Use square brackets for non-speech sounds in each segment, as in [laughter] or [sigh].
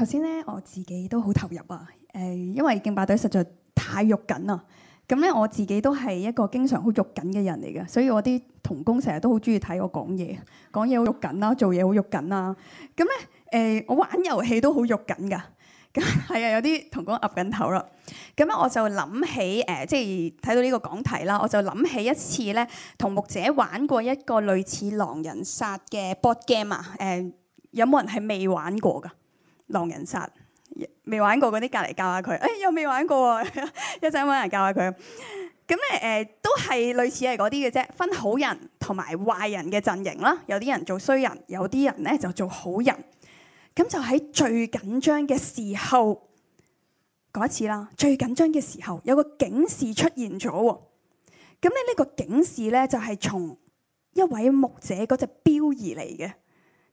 頭先咧，我自己都好投入啊。誒，因為競霸隊實在太喐緊啦。咁咧，我自己都係一個經常好喐緊嘅人嚟嘅，所以我啲同工成日都好中意睇我講嘢，講嘢好喐緊啦，做嘢好喐緊啦。咁咧，誒，我玩遊戲都好喐緊㗎。係 [laughs] 啊，有啲同工揞緊頭啦。咁咧，我就諗起誒，即係睇到呢個講題啦，我就諗起一次咧，同牧者玩過一個類似狼人殺嘅 board game 啊。誒，有冇人係未玩過㗎？狼人殺未玩過嗰啲，隔離教下佢。哎，又未玩過， [laughs] 一陣揾人教下佢。咁咧誒，都係類似係嗰啲嘅啫，分好人同埋壞人嘅陣營啦。有啲人做衰人，有啲人咧就做好人。咁就喺最緊張嘅時候嗰一次啦，最緊張嘅時候有個警示出現咗。咁咧呢個警示咧就係、是、從一位牧者嗰隻錶而嚟嘅，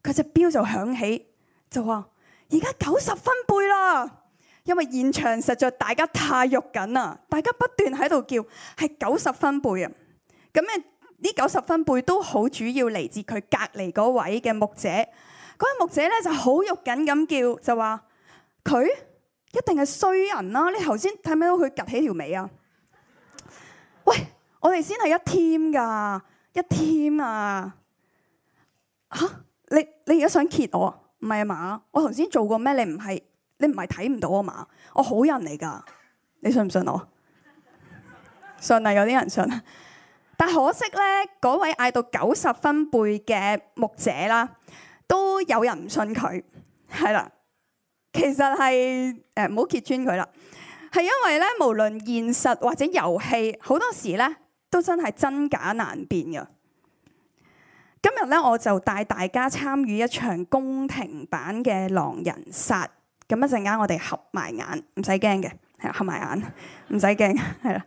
佢隻錶就響起，就話，而家九十分貝啦，因為現場實在大家太肉緊啦，大家不斷喺度叫，係九十分貝啊！咁啊，呢九十分貝都好主要嚟自佢隔離嗰位嘅牧者，嗰位牧者咧就好肉緊咁叫，就話佢一定係衰人啦！你頭先睇唔睇到佢趷起條尾啊？喂，我哋先係一 team 噶，一 team 啊！嚇、啊，你你而家想揭我？啊？」唔係啊嘛，我頭先做過咩？你唔係，你唔係睇唔到啊嘛，我好人嚟噶，你信唔信我？信，係有啲人信，但可惜咧，嗰位嗌到九十分貝嘅牧者啦，都有人唔信佢，係啦。其實係誒，呃，唔好揭穿佢啦。係因為咧，無論現實或者遊戲，好多時咧都真係真假難辨嘅。今日咧，我就帶大家參與一場宮廷版嘅狼人殺。咁一陣間，我哋合埋眼，唔使驚嘅，係合埋眼，唔使驚，係啦，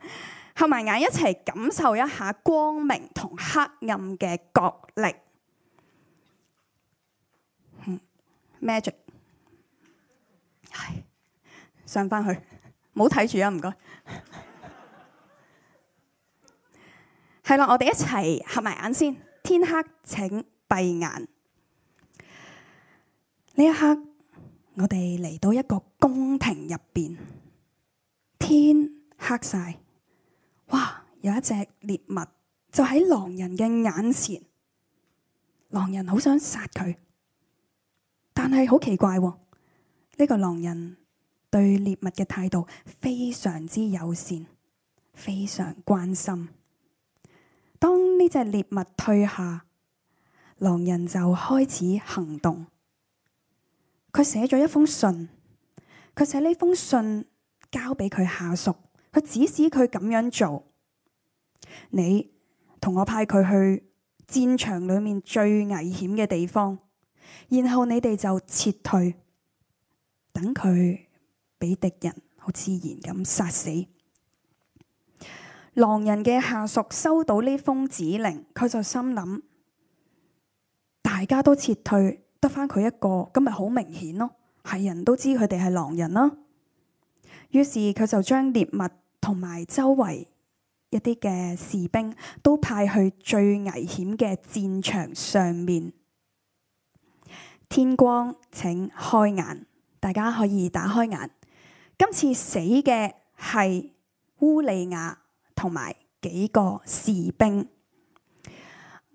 合埋眼一齊感受一下光明同黑暗嘅角力。嗯，magic，係上翻去，唔好睇住啊！唔該，係啦， [laughs] [laughs] 我哋一齊合埋眼先。天黑，請閉眼。呢一刻，我哋嚟到一個宮廷入邊，天黑晒，哇！有一隻獵物就喺狼人嘅眼前，狼人好想殺佢，但係好奇怪、啊，呢、呢個狼人對獵物嘅態度非常之友善，非常關心。當呢隻獵物退下，狼人就開始行動。佢寫咗一封信，佢寫呢封信交俾佢下屬，佢指使佢咁樣做。你同我派佢去戰場裏面最危險嘅地方，然後你哋就撤退，等佢俾敵人好自然咁殺死。狼人嘅下屬收到呢封指令，佢就心諗，大家都撤退，得翻佢一個，咁咪好明顯咯，係人都知佢哋係狼人啦。於是佢就將獵物同埋周圍一啲嘅士兵都派去最危險嘅戰場上面。天光，請開眼，大家可以打開眼。今次死嘅係烏利亞。同埋幾個士兵，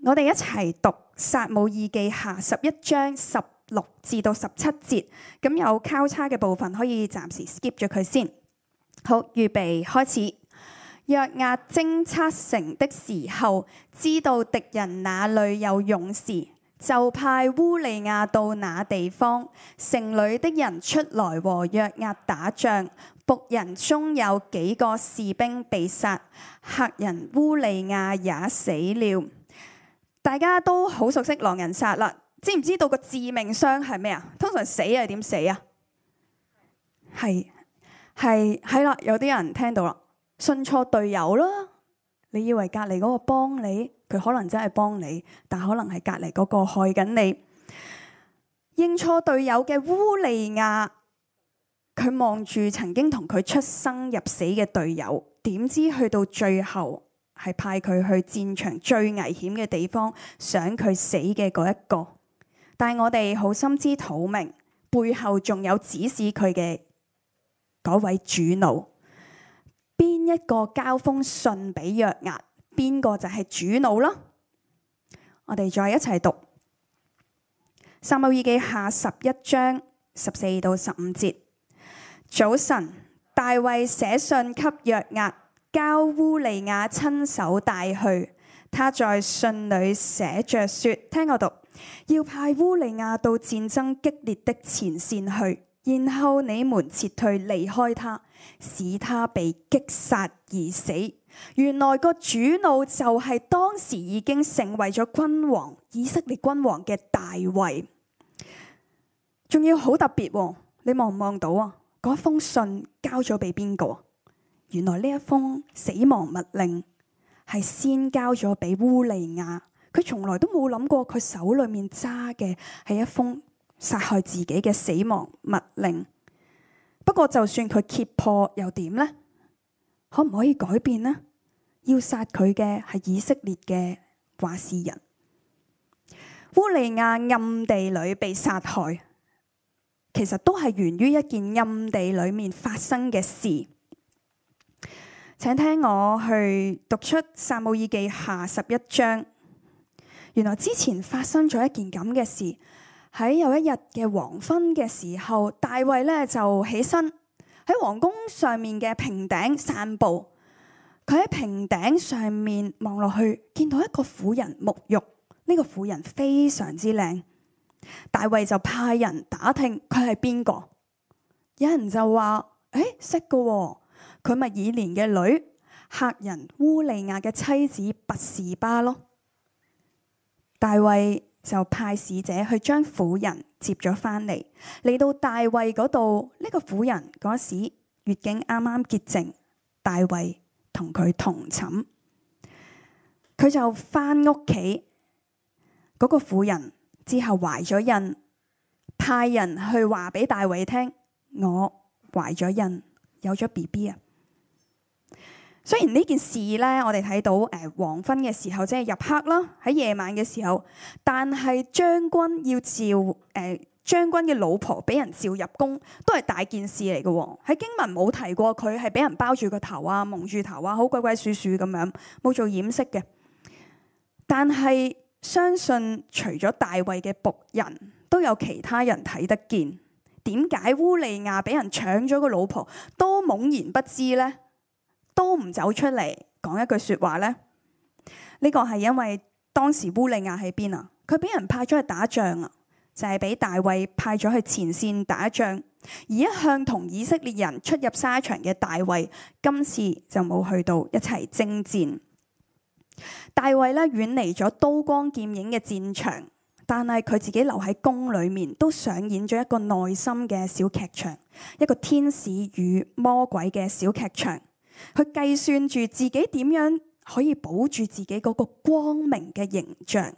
我哋一齊讀《撒姆意記下》十一章十六至到十七節。咁有交叉嘅部分，可以暫時 skip 咗佢先。好，預備開始。約押偵察城的時候，知道敵人哪裏有勇士。就派烏利亞到那地方，城裏的人出來和約押打仗，僕人中有幾個士兵被殺，客人烏利亞也死了。大家都好熟悉狼人殺啦，知唔知道個致命傷係咩啊？通常死係點死啊？係係係啦，有啲人聽到啦，信錯隊友咯，你以為隔籬嗰個幫你？佢可能真係幫你，但可能係隔籬嗰個害緊你。認錯隊友嘅烏利亞，佢望住曾經同佢出生入死嘅隊友，點知去到最後係派佢去戰場最危險嘅地方，想佢死嘅嗰一個。但係我哋好心知肚明，背後仲有指使佢嘅嗰位主腦。邊一個交封信俾約押，邊個就係主腦囉？我哋再一齊讀《撒母耳記下》十一章十四到十五節。早晨，大衛寫信給約押，交烏利亞親手帶去。他在信裏寫着說：聽我讀，要派烏利亞到戰爭激烈的前線去，然後你們撤退離開他，使他被擊殺而死。原來個主腦就係當時已經成為咗君王，以色列君王嘅大衛，仲要好特別喎，你望唔望到啊？嗰封信交咗俾邊個？原來呢一封死亡密令係先交咗俾烏利亞，佢從來都冇諗過佢手裏面揸嘅係一封殺害自己嘅死亡密令。不過就算佢揭破又點呢？可唔可以改變呢？要殺佢嘅係以色列嘅話事人。烏利亞暗地裏被殺害，其實都係源於一件暗地裏面發生嘅事。請聽我去讀出撒母耳記下十一章。原來之前發生咗一件咁嘅事，喺有一日嘅黃昏嘅時候，大衛呢就起身。喺王宮上面嘅平頂散步，佢喺平頂上面望落去，見到一個婦人沐浴。呢個婦人非常之靚，大衛就派人打聽佢係邊個。有人就話：誒、哎，識㗎，佢咪以蓮嘅女，客人烏利亞嘅妻子拔士巴咯。大衛。就派使者去將婦人接咗返嚟，嚟到大衛嗰度，呢個婦人嗰時月經啱啱潔淨，大衛同佢同寢，佢就返屋企，嗰個婦人之後懷咗孕，派人去話俾大衛聽，我懷咗孕，有咗 BB 啊。雖然呢件事咧，我哋睇到誒黃昏嘅時候即係入黑啦，喺夜晚嘅時候，但係將軍要召誒、呃、將軍嘅老婆俾人召入宮，都係大件事嚟嘅喎。喺經文冇提過佢係俾人包住個頭啊、蒙住頭啊，好鬼鬼祟祟咁樣冇做掩飾嘅。但係相信除咗大衛嘅僕人都有其他人睇得見。點解烏利亞俾人搶咗個老婆都懵然不知咧？都唔走出嚟講一句說話呢？呢個係因為當時，烏利亞喺邊啊？佢俾人派咗去打仗啊，就係俾大衛派咗去前線打仗。而一向同以色列人出入沙場嘅大衛，今次就冇去到一齊征戰。大衛呢，遠離咗刀光劍影嘅戰場，但係佢自己留喺宮裏面，都上演咗一個內心嘅小劇場，一個天使與魔鬼嘅小劇場。佢計算住自己點樣可以保住自己嗰個光明嘅形象，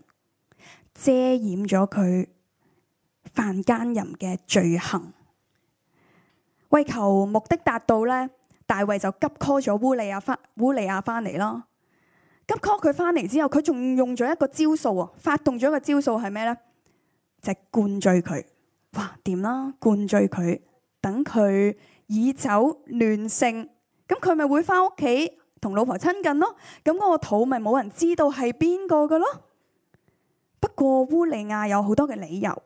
遮掩咗佢犯奸淫嘅罪行，為求目的達到咧，大衛就急 call 咗烏利亞翻烏利亞翻嚟啦。急 call 佢翻嚟之後，佢仲用咗一個招數啊，發動咗一個招數係咩咧？就係、灌醉佢。哇，掂啦？灌醉佢，等佢以酒亂性。咁佢咪會翻屋企同老婆親近咯？咁、那、嗰個肚咪冇人知道係邊個嘅咯？不過烏利亞有好多嘅理由，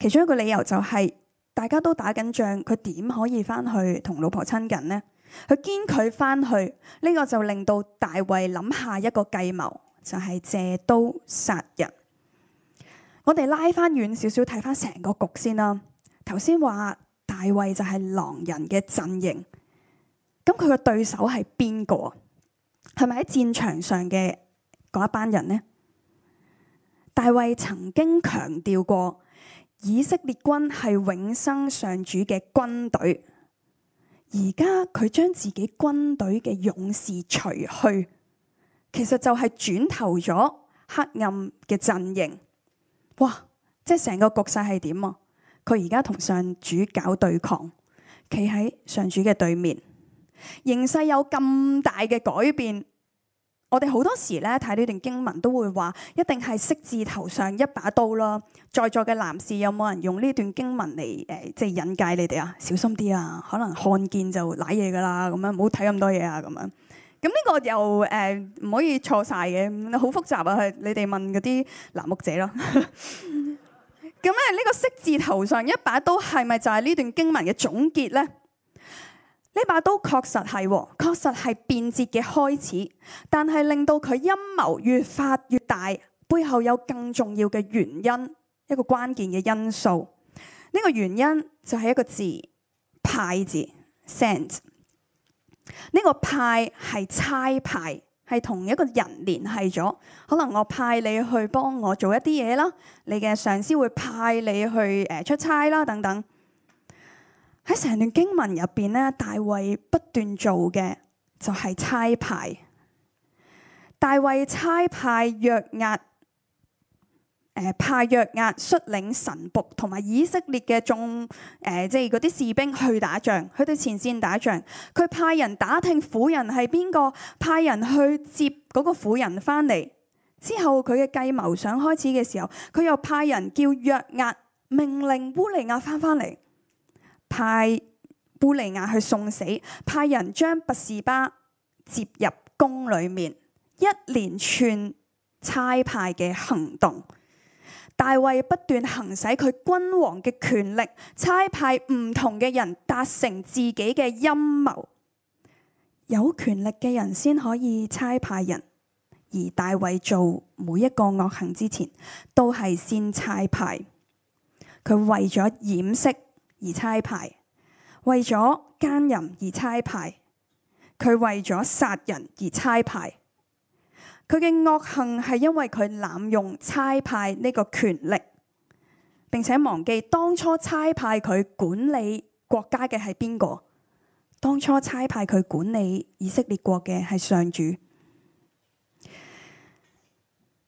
其中一個理由就係、是、大家都打緊仗，佢點可以翻去同老婆親近呢？佢堅拒翻去呢、這個就令到大衛諗下一個計謀，就係、是、借刀殺人。我哋拉翻遠少少睇翻成個局先啦。頭先話大衛就係狼人嘅陣營。咁佢嘅對手係邊個？係咪喺戰場上嘅嗰一班人呢？大衛曾經強調過，以色列軍係永生上主嘅軍隊。而家佢將自己軍隊嘅勇士除去，其實就係轉投咗黑暗嘅陣營。哇！即係成個局勢係點啊？佢而家同上主搞對抗，企喺上主嘅對面。形勢有咁大嘅改變，我哋好多時咧睇呢段經文都會話，一定係色字頭上一把刀啦。在座嘅男士有冇人用呢段經文嚟，誒，即係引介你哋啊，小心啲啊，可能看見就舐嘢噶啦，咁樣唔好睇咁多嘢啊，咁樣。咁呢個又誒唔、呃、可以錯晒嘅，好複雜啊。你哋問嗰啲難讀者咯。咁咧，呢個色字頭上一把刀係咪就係呢段經文嘅總結咧？呢把刀確實係，確實係變節嘅開始，但係令到佢陰謀越發越大，背後有更重要嘅原因，一個關鍵嘅因素。呢個原因就係一個字，派字，send。呢個派係差派，係同一個人聯繫咗，可能我派你去幫我做一啲嘢啦，你嘅上司會派你去誒出差啦，等等。喺成段經文入邊呢，大衛不斷做嘅就係差派。大衛差派約押，誒派約押率領神僕同埋以色列嘅眾誒，即係嗰啲士兵去打仗，去到前線打仗。佢派人打聽婦人係邊個，派人去接嗰個婦人翻嚟。之後佢嘅計謀想開始嘅時候，佢又派人叫約押命令烏利亞翻翻嚟。派布利亞去送死，派人將拔士巴接入宮裏面，一連串差派嘅行動，大衛不斷行使佢君王嘅權力，差派唔同嘅人達成自己嘅陰謀。有權力嘅人先可以差派人，而大衛做每一個惡行之前，都係先差派，佢為咗掩飾。而差派，為咗奸淫而差派，佢為咗殺人而差派，佢嘅惡行係因為佢濫用差派呢個權力，並且忘記當初差派佢管理國家嘅係邊個，當初差派佢管理以色列國嘅係上主。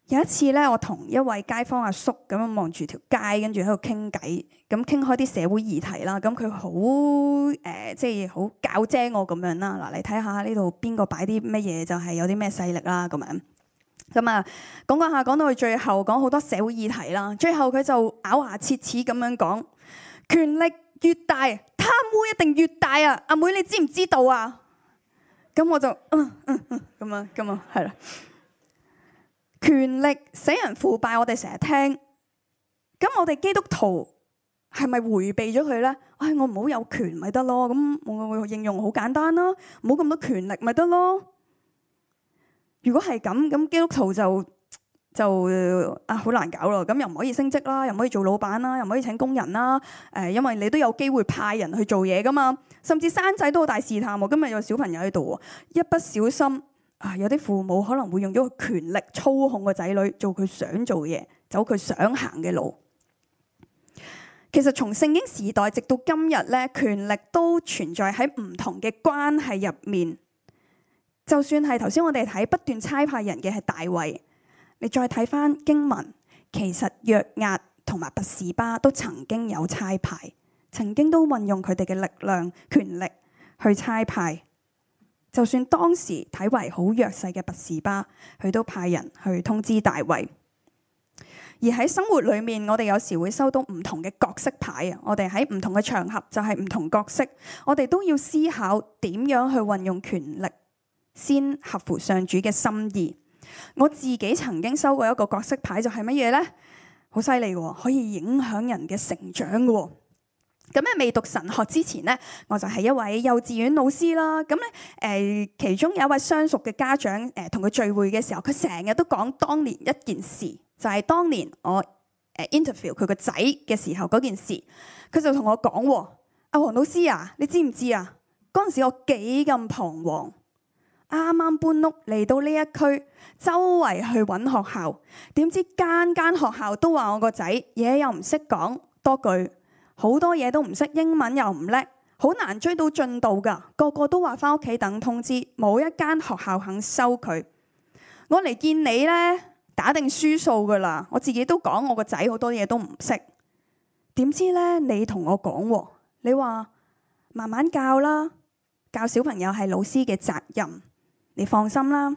有一次呢，我同一位街坊阿叔咁樣望住條街，跟住喺度傾偈。咁傾開啲社會議題啦，咁佢好誒，即係好搞精我咁樣啦。嗱，你睇下呢度邊個擺啲乜嘢，就係有啲咩勢力啦咁樣。咁啊、就是，講講下，講到去最後，講好多社會議題啦。最後佢就咬牙切齒咁樣講：權力越大，貪污一定越大啊！阿妹你知唔知道啊？咁我就嗯嗯咁啊咁啊，係、啊、啦、啊。權力使人腐敗，我哋成日聽。咁我哋基督徒。係咪迴避咗佢咧？唉、哎，我唔好有權咪得咯？咁我我應用好簡單啦，冇咁多權力咪得咯？如果係咁，咁基督徒就就啊好難搞咯。咁又唔可以升職啦，又唔可以做老闆啦，又唔可以請工人啦。誒，因為你都有機會派人去做嘢噶嘛。甚至生仔都好大試探喎。今日有小朋友喺度，一不小心啊，有啲父母可能會用咗個權力操控個仔女做佢想做嘢，走佢想行嘅路。其實從聖經時代直到今日咧，權力都存在喺唔同嘅關係入面。就算係頭先我哋睇不斷差派人嘅係大衛，你再睇翻經文，其實約押同埋拔士巴都曾經有差派，曾經都運用佢哋嘅力量、權力去差派。就算當時睇為好弱勢嘅拔士巴，佢都派人去通知大衛。而喺生活裏面，我哋有時會收到唔同嘅角色牌啊！我哋喺唔同嘅場合就係唔同角色，我哋都要思考點樣去運用權力，先合乎上主嘅心意。我自己曾經收過一個角色牌，就係乜嘢呢？好犀利喎，可以影響人嘅成長嘅喎。咁咧未讀神學之前呢，我就係一位幼稚園老師啦。咁咧誒，其中有一位相熟嘅家長誒，同佢聚會嘅時候，佢成日都講當年一件事。就係當年我 interview 佢個仔嘅時候嗰件事，佢就同我講：阿王老師啊，你知唔知啊？嗰陣時我幾咁彷徨，啱啱搬屋嚟到呢一區，周圍去揾學校，點知間間學校都話我個仔嘢又唔識講多句，好多嘢都唔識英文又唔叻，好難追到進度㗎，個個都話返屋企等通知，冇一間學校肯收佢。我嚟見你呢。打定輸數噶啦！我自己都講我個仔好多嘢都唔識，點知呢？你同我講，你話慢慢教啦，教小朋友係老師嘅責任，你放心啦。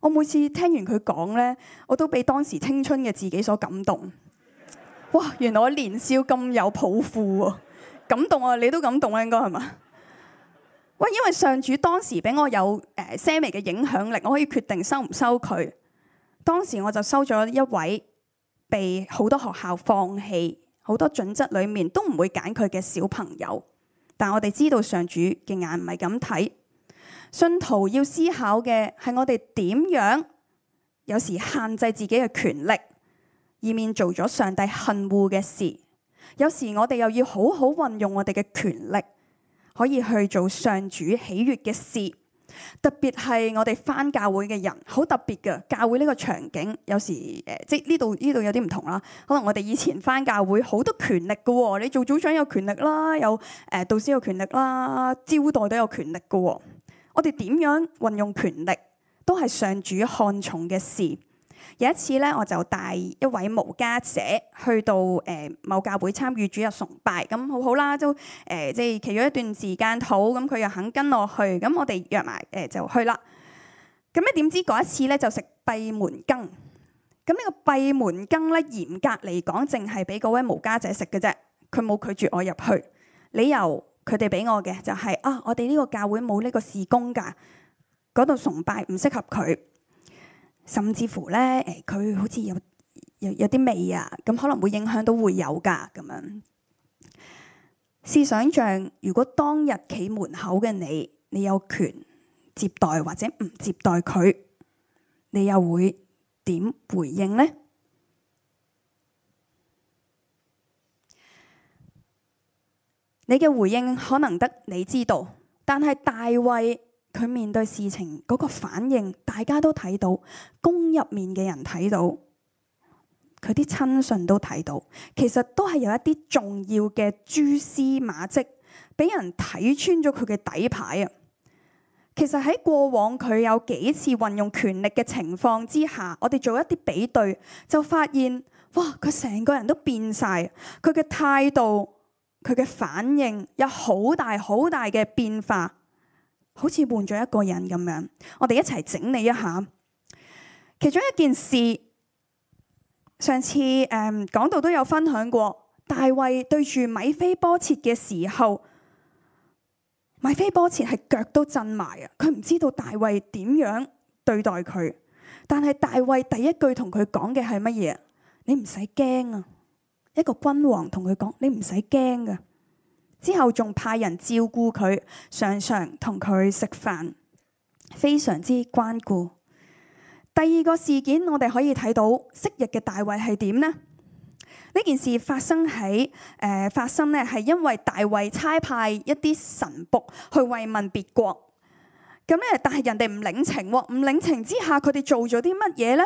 我每次聽完佢講呢，我都俾當時青春嘅自己所感動。哇！原來我年少咁有抱負，啊，感動啊！你都感動啊，應該係嘛？喂，因為上主當時俾我有誒輕微嘅影響力，我可以決定收唔收佢。當時我就收咗一位被好多學校放棄、好多準則裏面都唔會揀佢嘅小朋友，但我哋知道上主嘅眼唔係咁睇。信徒要思考嘅係我哋點樣，有時限制自己嘅權力，以免做咗上帝恨惡嘅事；有時我哋又要好好運用我哋嘅權力，可以去做上主喜悅嘅事。特別係我哋返教會嘅人，好特別噶。教會呢個場景，有時誒，即係呢度呢度有啲唔同啦。可能我哋以前返教會好多權力噶，你做組長有權力啦，有誒導師有權力啦，招待都有權力噶。我哋點樣運用權力，都係上主看重嘅事。有一次咧，我就帶一位無家姐去到誒某教會參與主日崇拜，咁好好啦，都誒即係其中一段時間好，咁佢又肯跟我去，咁我哋約埋誒、呃、就去啦。咁咧點知嗰一次咧就食閉門羹。咁呢個閉門羹咧，嚴格嚟講，淨係俾嗰位無家姐食嘅啫，佢冇拒絕我入去。理由佢哋俾我嘅就係、是、啊，我哋呢個教會冇呢個事工㗎，嗰度崇拜唔適合佢。甚至乎呢，佢、哎、好似有有啲味啊，咁可能會影響到會有噶咁樣。試想像，如果當日企門口嘅你，你有權接待或者唔接待佢，你又會點回應呢？你嘅回應可能得你知道，但係大衛。佢面對事情嗰個反應，大家都睇到，宮入面嘅人睇到，佢啲親信都睇到，其實都係有一啲重要嘅蛛絲馬跡，俾人睇穿咗佢嘅底牌啊！其實喺過往佢有幾次運用權力嘅情況之下，我哋做一啲比對，就發現哇，佢成個人都變晒，佢嘅態度、佢嘅反應有好大好大嘅變化。好似換咗一個人咁樣，我哋一齊整理一下。其中一件事，上次誒講到都有分享過，大衛對住米非波設嘅時候，米非波設係腳都震埋啊！佢唔知道大衛點樣對待佢，但係大衛第一句同佢講嘅係乜嘢？你唔使驚啊！一個君王同佢講，你唔使驚噶。之後仲派人照顧佢，常常同佢食飯，非常之關顧。第二個事件，我哋可以睇到昔日嘅大衛係點呢？呢件事發生喺誒、呃、發生呢係因為大衛差派一啲神僕去慰問別國，咁咧，但係人哋唔領情喎，唔領情之下，佢哋做咗啲乜嘢呢？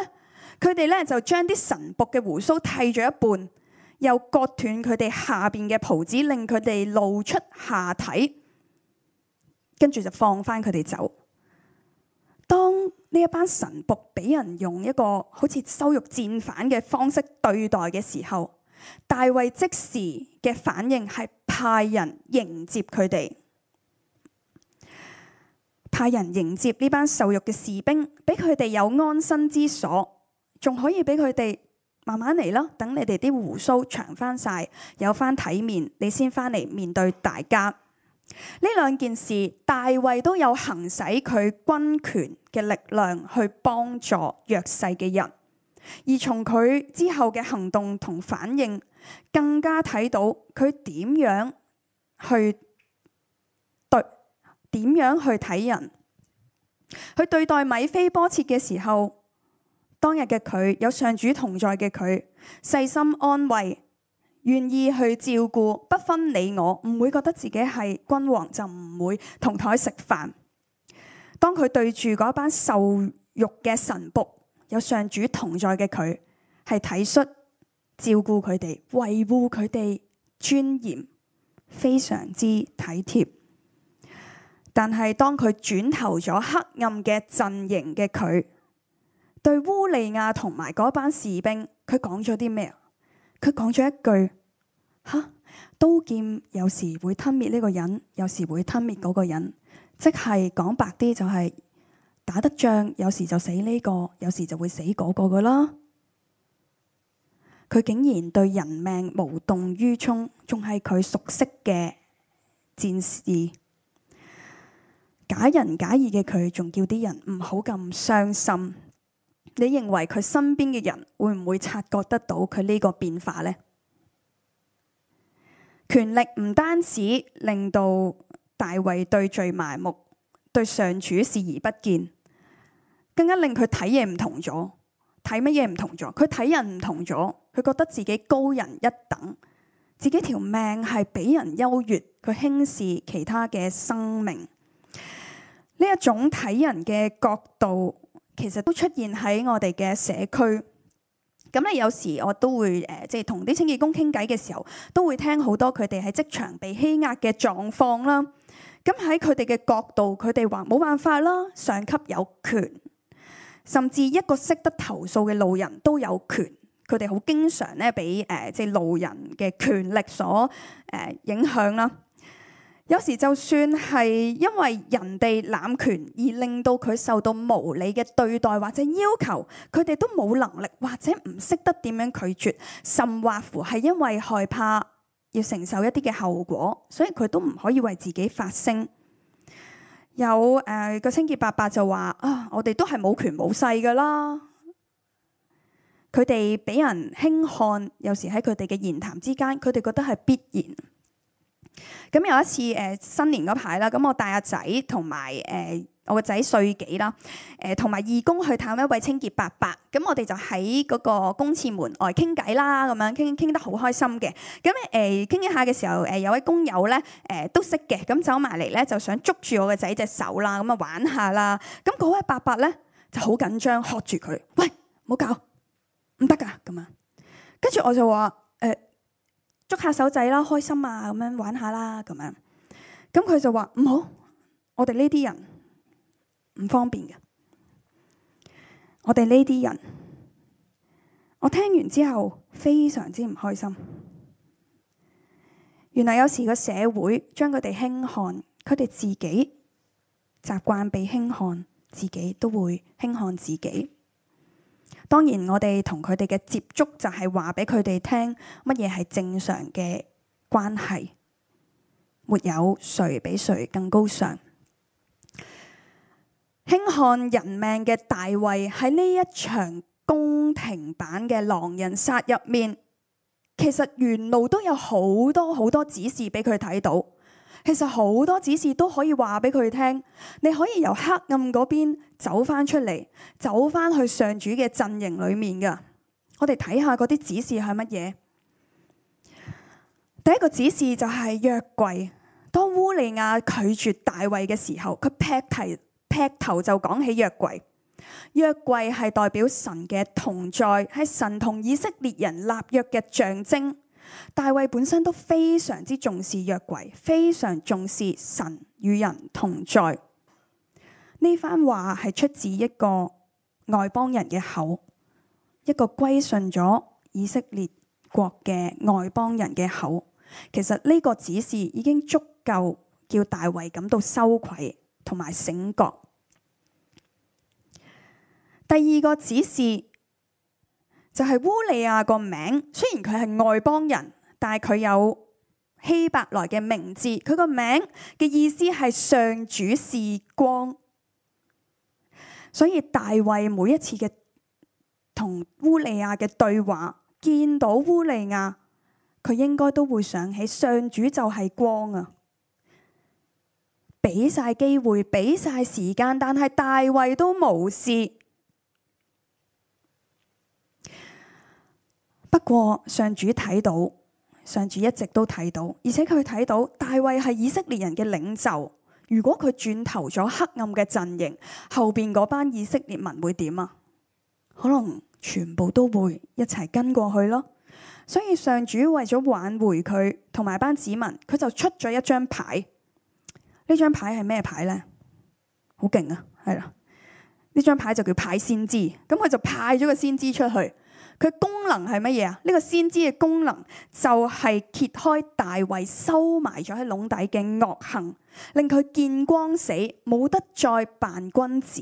佢哋咧就將啲神僕嘅胡鬚剃咗一半。又割斷佢哋下邊嘅袍子，令佢哋露出下體，跟住就放翻佢哋走。當呢一班神僕俾人用一個好似羞辱戰犯嘅方式對待嘅時候，大衛即時嘅反應係派人迎接佢哋，派人迎接呢班受辱嘅士兵，俾佢哋有安身之所，仲可以俾佢哋。慢慢嚟咯，等你哋啲胡鬚長翻晒，有翻體面，你先翻嚟面對大家。呢兩件事，大衛都有行使佢軍權嘅力量去幫助弱勢嘅人。而從佢之後嘅行動同反應，更加睇到佢點樣去對點樣去睇人，佢對待米菲波切嘅時候。當日嘅佢有上主同在嘅佢，細心安慰，願意去照顧，不分你我，唔會覺得自己係君王就唔會同台食飯。當佢對住嗰班受辱嘅神僕，有上主同在嘅佢係體恤照顧佢哋，維護佢哋尊嚴，非常之體貼。但係當佢轉頭咗黑暗嘅陣營嘅佢。對烏利亞同埋嗰班士兵，佢講咗啲咩啊？佢講咗一句：吓，刀劍有時會吞滅呢個人，有時會吞滅嗰個人，即係講白啲就係打得仗，有時就死呢個，有時就會死嗰個噶啦。佢竟然對人命無動於衷，仲係佢熟悉嘅戰士，假仁假義嘅佢，仲叫啲人唔好咁傷心。你認為佢身邊嘅人會唔會察覺得到佢呢個變化呢？權力唔單止令到大衛對罪埋目，對上主視而不見，更加令佢睇嘢唔同咗，睇乜嘢唔同咗？佢睇人唔同咗，佢覺得自己高人一等，自己條命係比人優越，佢輕視其他嘅生命。呢一種睇人嘅角度，其實都出現喺我哋嘅社區，咁咧，有時我都會誒、呃，即係同啲清潔工傾偈嘅時候，都會聽好多佢哋喺職場被欺壓嘅狀況啦。咁喺佢哋嘅角度，佢哋話冇辦法啦，上級有權，甚至一個識得投訴嘅路人都有權。佢哋好經常咧，俾、呃、誒即係路人嘅權力所誒、呃、影響啦。有時就算係因為人哋濫權而令到佢受到無理嘅對待或者要求，佢哋都冇能力或者唔識得點樣拒絕，甚或乎係因為害怕要承受一啲嘅後果，所以佢都唔可以為自己發聲。有誒個清潔伯伯就話啊，我哋都係冇權冇勢噶啦，佢哋俾人輕看，有時喺佢哋嘅言談之間，佢哋覺得係必然。咁有一次，誒、呃、新年嗰排啦，咁我帶阿仔同埋誒我個仔歲幾啦，誒同埋義工去探一位清潔伯伯，咁我哋就喺嗰個公廁門外傾偈啦，咁樣傾傾得好開心嘅。咁咧誒傾一下嘅時候，誒、呃、有位工友咧誒、呃、都識嘅，咁走埋嚟咧就想捉住我個仔隻手啦，咁啊玩下啦，咁嗰位伯伯咧就好緊張，嚇住佢，喂，唔好搞，唔得噶咁啊，跟住我就話誒。呃捉下手仔啦，開心啊，咁樣玩下啦，咁樣。咁佢就話唔好，我哋呢啲人唔方便㗎。我哋呢啲人，我聽完之後非常之唔開心。原來有時個社會將佢哋輕看，佢哋自己習慣被輕看，自己都會輕看自己。當然，我哋同佢哋嘅接觸就係話畀佢哋聽，乜嘢係正常嘅關係，沒有誰比誰更高尚。輕看人命嘅大衞喺呢一場宮廷版嘅狼人殺入面，其實沿路都有好多好多指示畀佢睇到。其實好多指示都可以話俾佢聽，你可以由黑暗嗰邊走翻出嚟，走翻去上主嘅陣營裏面嘅。我哋睇下嗰啲指示係乜嘢。第一個指示就係約櫃。當烏利亞拒絕大衛嘅時候，佢劈頭劈頭就講起約櫃。約櫃係代表神嘅同在，係神同以色列人立約嘅象徵。大衛本身都非常之重視約櫃，非常重視神與人同在。呢番話係出自一個外邦人嘅口，一個歸順咗以色列國嘅外邦人嘅口。其實呢個指示已經足夠叫大衛感到羞愧同埋醒覺。第二個指示。就係烏利亞個名，雖然佢係外邦人，但係佢有希伯來嘅名字。佢個名嘅意思係上主是光，所以大衛每一次嘅同烏利亞嘅對話，見到烏利亞，佢應該都會想起上主就係光啊！俾晒機會，俾晒時間，但係大衛都無視。不過上主睇到，上主一直都睇到，而且佢睇到大衛係以色列人嘅領袖。如果佢轉投咗黑暗嘅陣營，後邊嗰班以色列民會點啊？可能全部都會一齊跟過去咯。所以上主為咗挽回佢同埋班子民，佢就出咗一張牌。呢張牌係咩牌呢？好勁啊，係啦！呢張牌就叫派先知，咁佢就派咗個先知出去。佢功能係乜嘢啊？呢個先知嘅功能就係揭開大衛收埋咗喺籠底嘅惡行，令佢見光死，冇得再扮君子。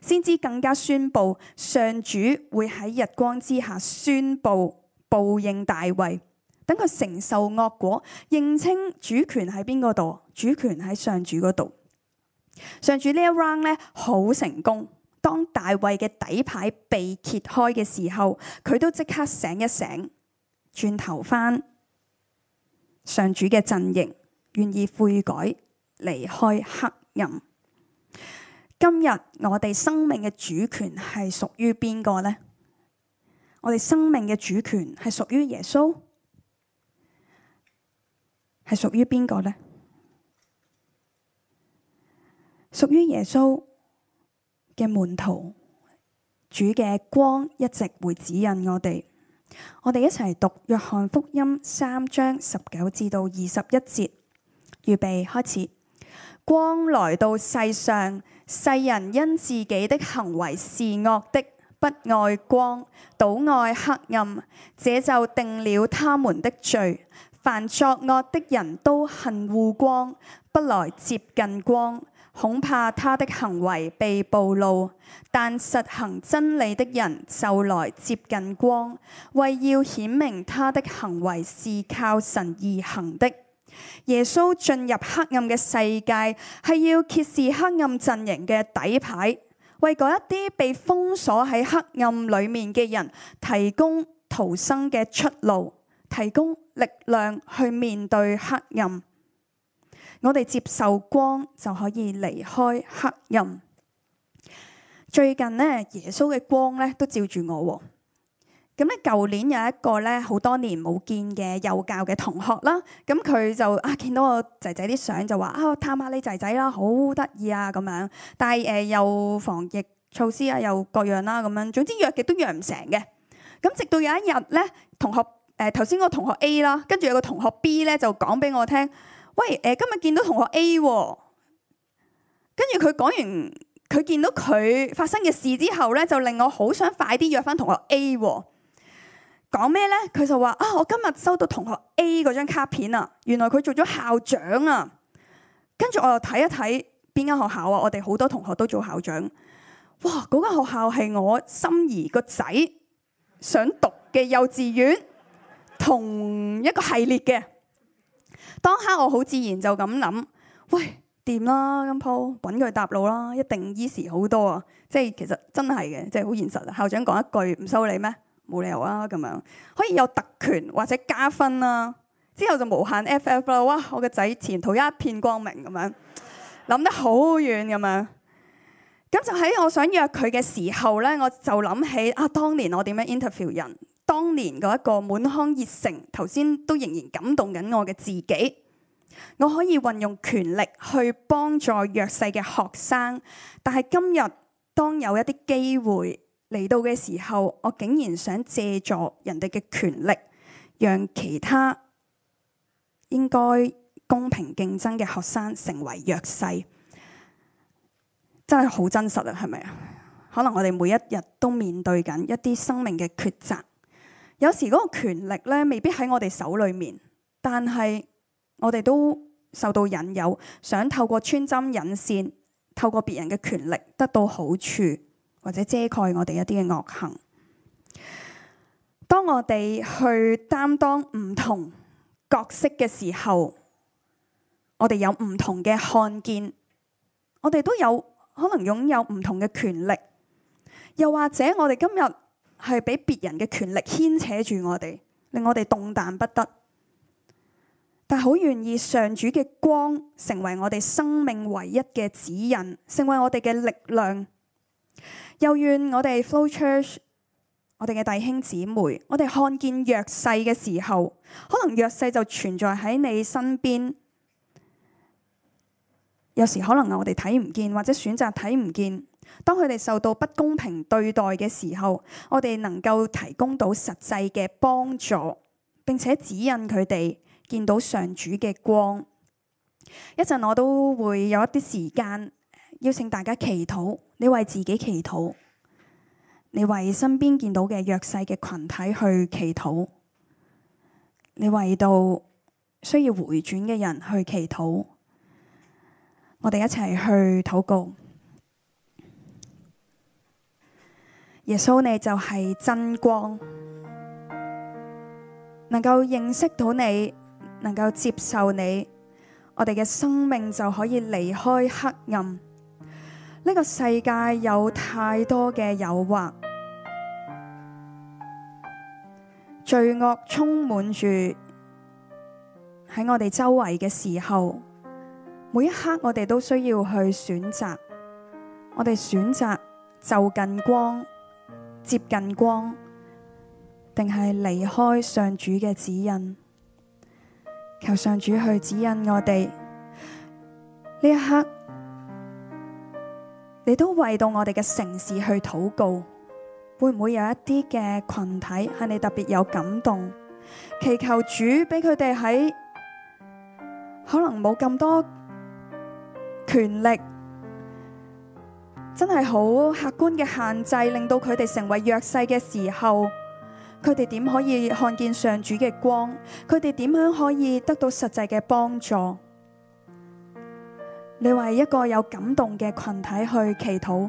先知更加宣布上主會喺日光之下宣布報應大衛，等佢承受惡果，認清主權喺邊個度，主權喺上主嗰度。上主呢一 round 咧好成功。當大衛嘅底牌被揭開嘅時候，佢都即刻醒一醒，轉頭返上主嘅陣營，願意悔改，離開黑暗。今日我哋生命嘅主權係屬於邊個呢？我哋生命嘅主權係屬於耶穌？係屬於邊個呢？屬於耶穌。嘅門徒，主嘅光一直會指引我哋。我哋一齊讀約翰福音三章十九至到二十一節，預備開始。光來到世上，世人因自己的行為是惡的，不愛光，倒愛黑暗。這就定了他們的罪。凡作惡的人都恨惡光，不來接近光，恐怕他的行為被暴露，但實行真理的人就來接近光，為要顯明他的行為是靠神而行的。耶穌進入黑暗嘅世界，係要揭示黑暗陣營嘅底牌，為嗰一啲被封鎖喺黑暗裏面嘅人，提供逃生嘅出路，提供力量去面對黑暗。我哋接受光就可以離開黑暗。最近咧，耶穌嘅光咧都照住我喎。咁咧，舊年有一個咧，好多年冇見嘅幼教嘅同學啦。咁佢就啊，見到我仔仔啲相就話啊，探下你仔仔啦，好得意啊咁樣。但係誒，又防疫措施啊，又各樣啦，咁樣。總之約極都約唔成嘅。咁直到有一日咧，同學誒頭先個同學 A 啦，跟住有個同學 B 咧就講俾我聽。喂，誒、呃、今日見到同學 A，跟住佢講完，佢見到佢發生嘅事之後咧，就令我好想快啲約返同學 A，啊。講咩咧？佢就話：啊，我今日收到同學 A 嗰張卡片啊，原來佢做咗校長啊！跟住我又睇一睇邊間學校啊，我哋好多同學都做校長。哇！嗰間學校係我心儀個仔想讀嘅幼稚園，同一個系列嘅。當刻我好自然就咁諗，喂，掂啦，金鋪揾佢搭路啦，一定 easy 好多啊！即係其實真係嘅，即係好現實。校長講一句唔收你咩？冇理由啊！咁樣可以有特權或者加分啦，之後就無限 FF 啦！哇，我個仔前途一片光明咁樣，諗得好遠咁樣。咁就喺我想約佢嘅時候咧，我就諗起啊，當年我點樣 interview 人？當年嗰一個滿腔熱誠，頭先都仍然感動緊我嘅自己。我可以運用權力去幫助弱勢嘅學生，但係今日當有一啲機會嚟到嘅時候，我竟然想借助人哋嘅權力，讓其他應該公平競爭嘅學生成為弱勢。真係好真實啊！係咪啊？可能我哋每一日都面對緊一啲生命嘅抉擇。有時嗰個權力咧，未必喺我哋手裏面，但係我哋都受到引誘，想透過穿針引線，透過別人嘅權力得到好處，或者遮蓋我哋一啲嘅惡行。當我哋去擔當唔同角色嘅時候，我哋有唔同嘅看見，我哋都有可能擁有唔同嘅權力，又或者我哋今日，係俾別人嘅權力牽扯住我哋，令我哋動彈不得。但好願意上主嘅光成為我哋生命唯一嘅指引，成為我哋嘅力量。又願我哋 Flow Church，我哋嘅弟兄姊妹，我哋看見弱勢嘅時候，可能弱勢就存在喺你身邊。有時可能我哋睇唔見，或者選擇睇唔見。當佢哋受到不公平對待嘅時候，我哋能夠提供到實際嘅幫助，並且指引佢哋見到上主嘅光。一陣我都會有一啲時間邀請大家祈禱，你為自己祈禱，你為身邊見到嘅弱勢嘅群體去祈禱，你為到需要回轉嘅人去祈禱。我哋一齊去禱告。耶穌，你就係真光，能夠認識到你，能夠接受你，我哋嘅生命就可以離開黑暗。呢個世界有太多嘅誘惑，罪惡充滿住喺我哋周圍嘅時候，每一刻我哋都需要去選擇，我哋選擇就近光。接近光，定係離開上主嘅指引？求上主去指引我哋，呢一刻，你都為到我哋嘅城市去禱告，會唔會有一啲嘅群體係你特別有感動？祈求主俾佢哋喺可能冇咁多權力。真係好客觀嘅限制，令到佢哋成為弱勢嘅時候，佢哋點可以看見上主嘅光？佢哋點樣可以得到實際嘅幫助？你為一個有感動嘅群體去祈禱。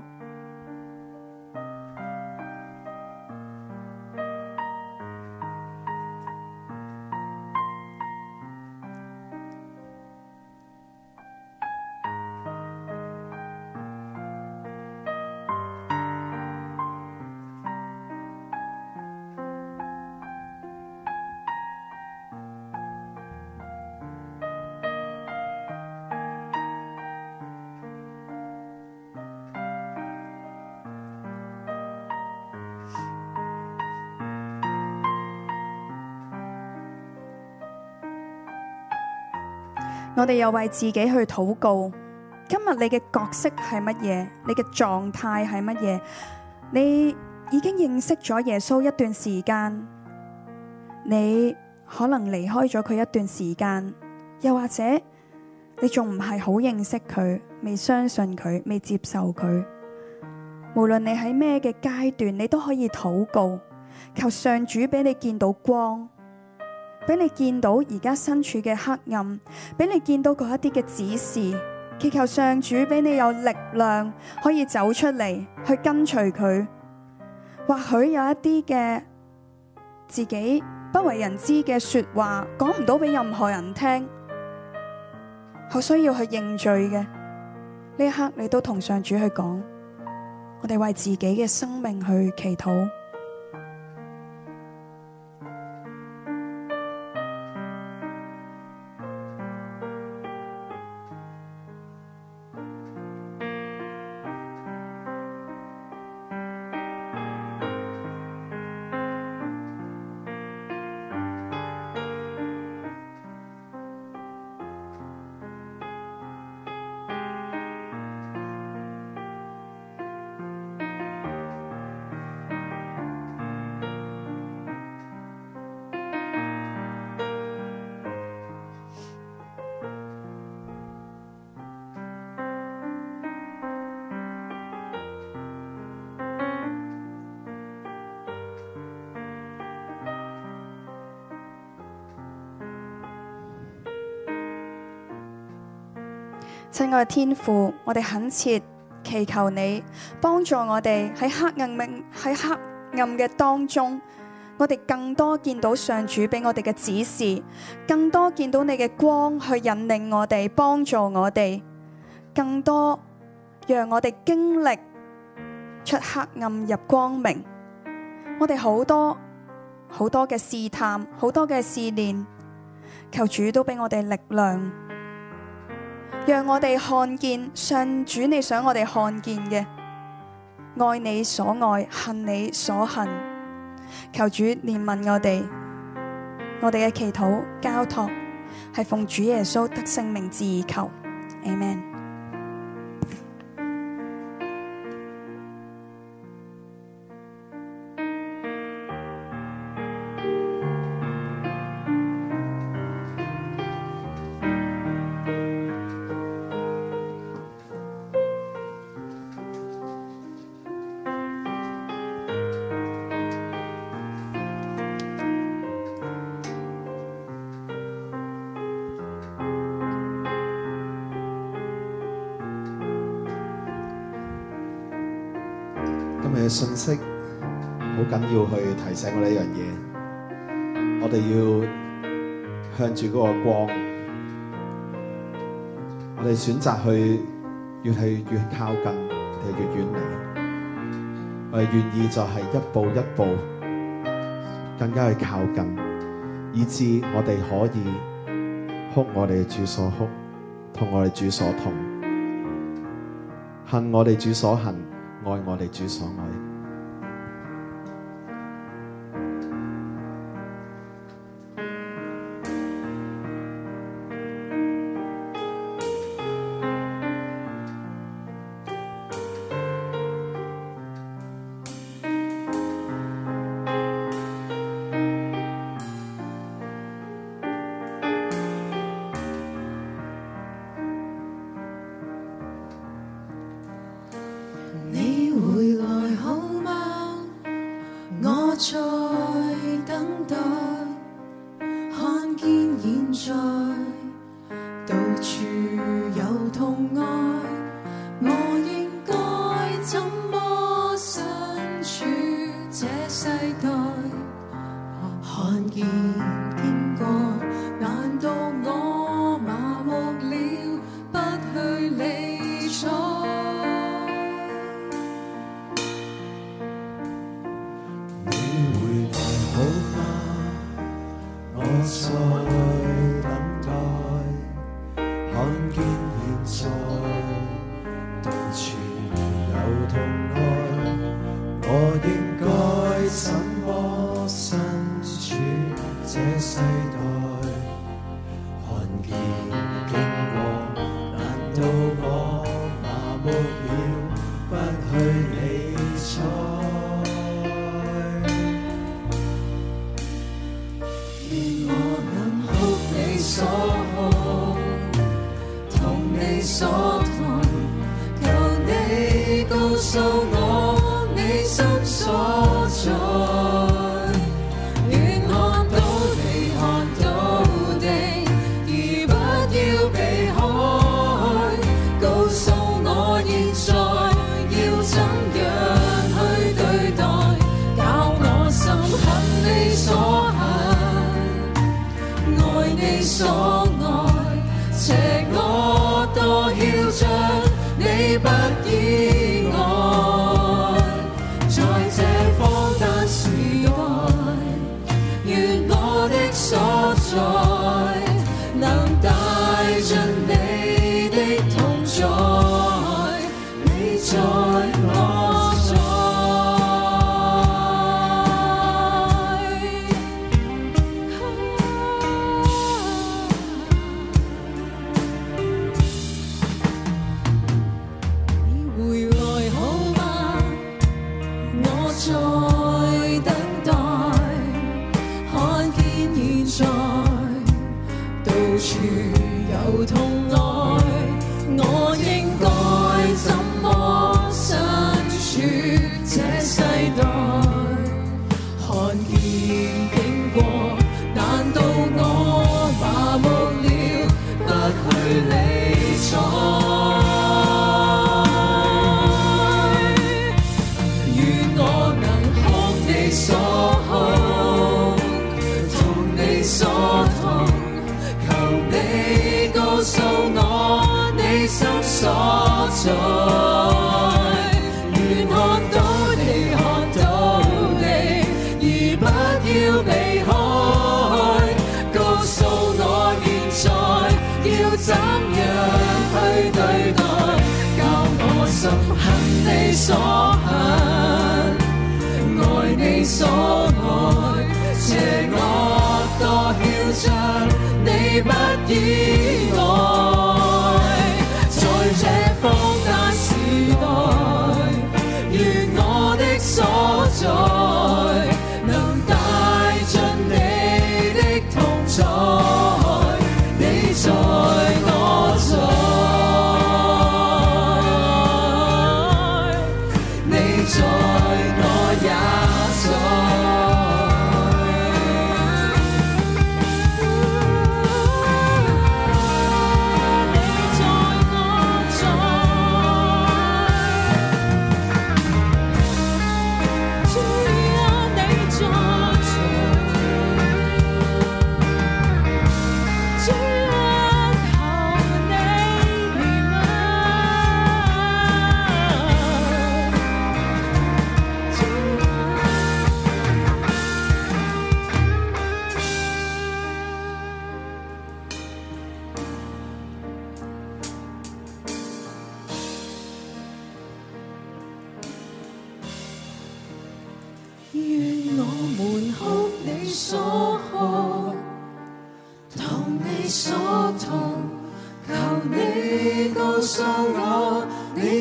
我哋又為自己去禱告。今日你嘅角色係乜嘢？你嘅狀態係乜嘢？你已經認識咗耶穌一段時間，你可能離開咗佢一段時間，又或者你仲唔係好認識佢，未相信佢，未接受佢。無論你喺咩嘅階段，你都可以禱告，求上主俾你見到光。俾你見到而家身處嘅黑暗，俾你見到嗰一啲嘅指示，祈求上主俾你有力量可以走出嚟去跟隨佢。或許有一啲嘅自己不為人知嘅說話，講唔到俾任何人聽，好需要去認罪嘅。呢一刻你都同上主去講，我哋為自己嘅生命去祈禱。親愛的天父，我哋懇切祈求你幫助我哋喺黑暗面喺黑暗嘅當中，我哋更多見到上主俾我哋嘅指示，更多見到你嘅光去引領我哋，幫助我哋，更多讓我哋經歷出黑暗入光明。我哋好多好多嘅試探，好多嘅試煉，求主都俾我哋力量。讓我哋看見上主你想我哋看見嘅，愛你所愛，恨你所恨。求主憐憫我哋，我哋嘅祈禱交托係奉主耶穌得勝名字而求。阿門。信息好緊要，去提醒我呢樣嘢。我哋要向住嗰個光，我哋選擇去越係越靠近，定係越遠離。我哋願意就係一步一步更加去靠近，以致我哋可以哭我哋主所哭，同我哋主所痛，恨我哋主所恨。愛我哋主所愛。應該怎麼身處這世代？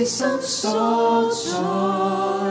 此生所在。